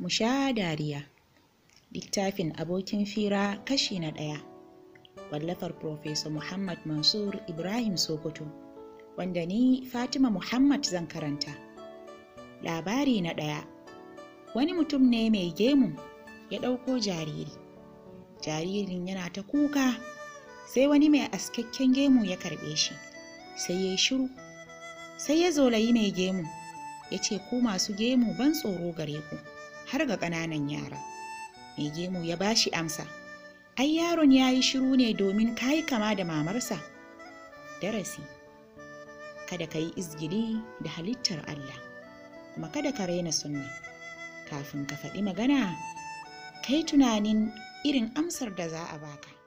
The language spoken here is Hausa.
mu sha dariya littafin abokin fira kashi na ɗaya wallafar Profesa Muhammad Mansur Ibrahim Sokoto wanda ni Fatima Muhammad zan karanta. Labari na ɗaya wani mutum ne mai gemu ya ɗauko jariri. Jaririn yana ta kuka sai wani mai askakken gemu ya karɓe shi sai ya shiru sai ya zolayi mai gemu ya ce ku masu gemu ban tsoro gare ku har ga ƙananan yara mai gemu ya bashi amsa ai yaron ya yi shiru ne domin ka yi kama da mamarsa darasi kada ka yi izgili da halittar allah kuma kada ka raina sunna kafin ka faɗi magana ka tunanin irin amsar da za a baka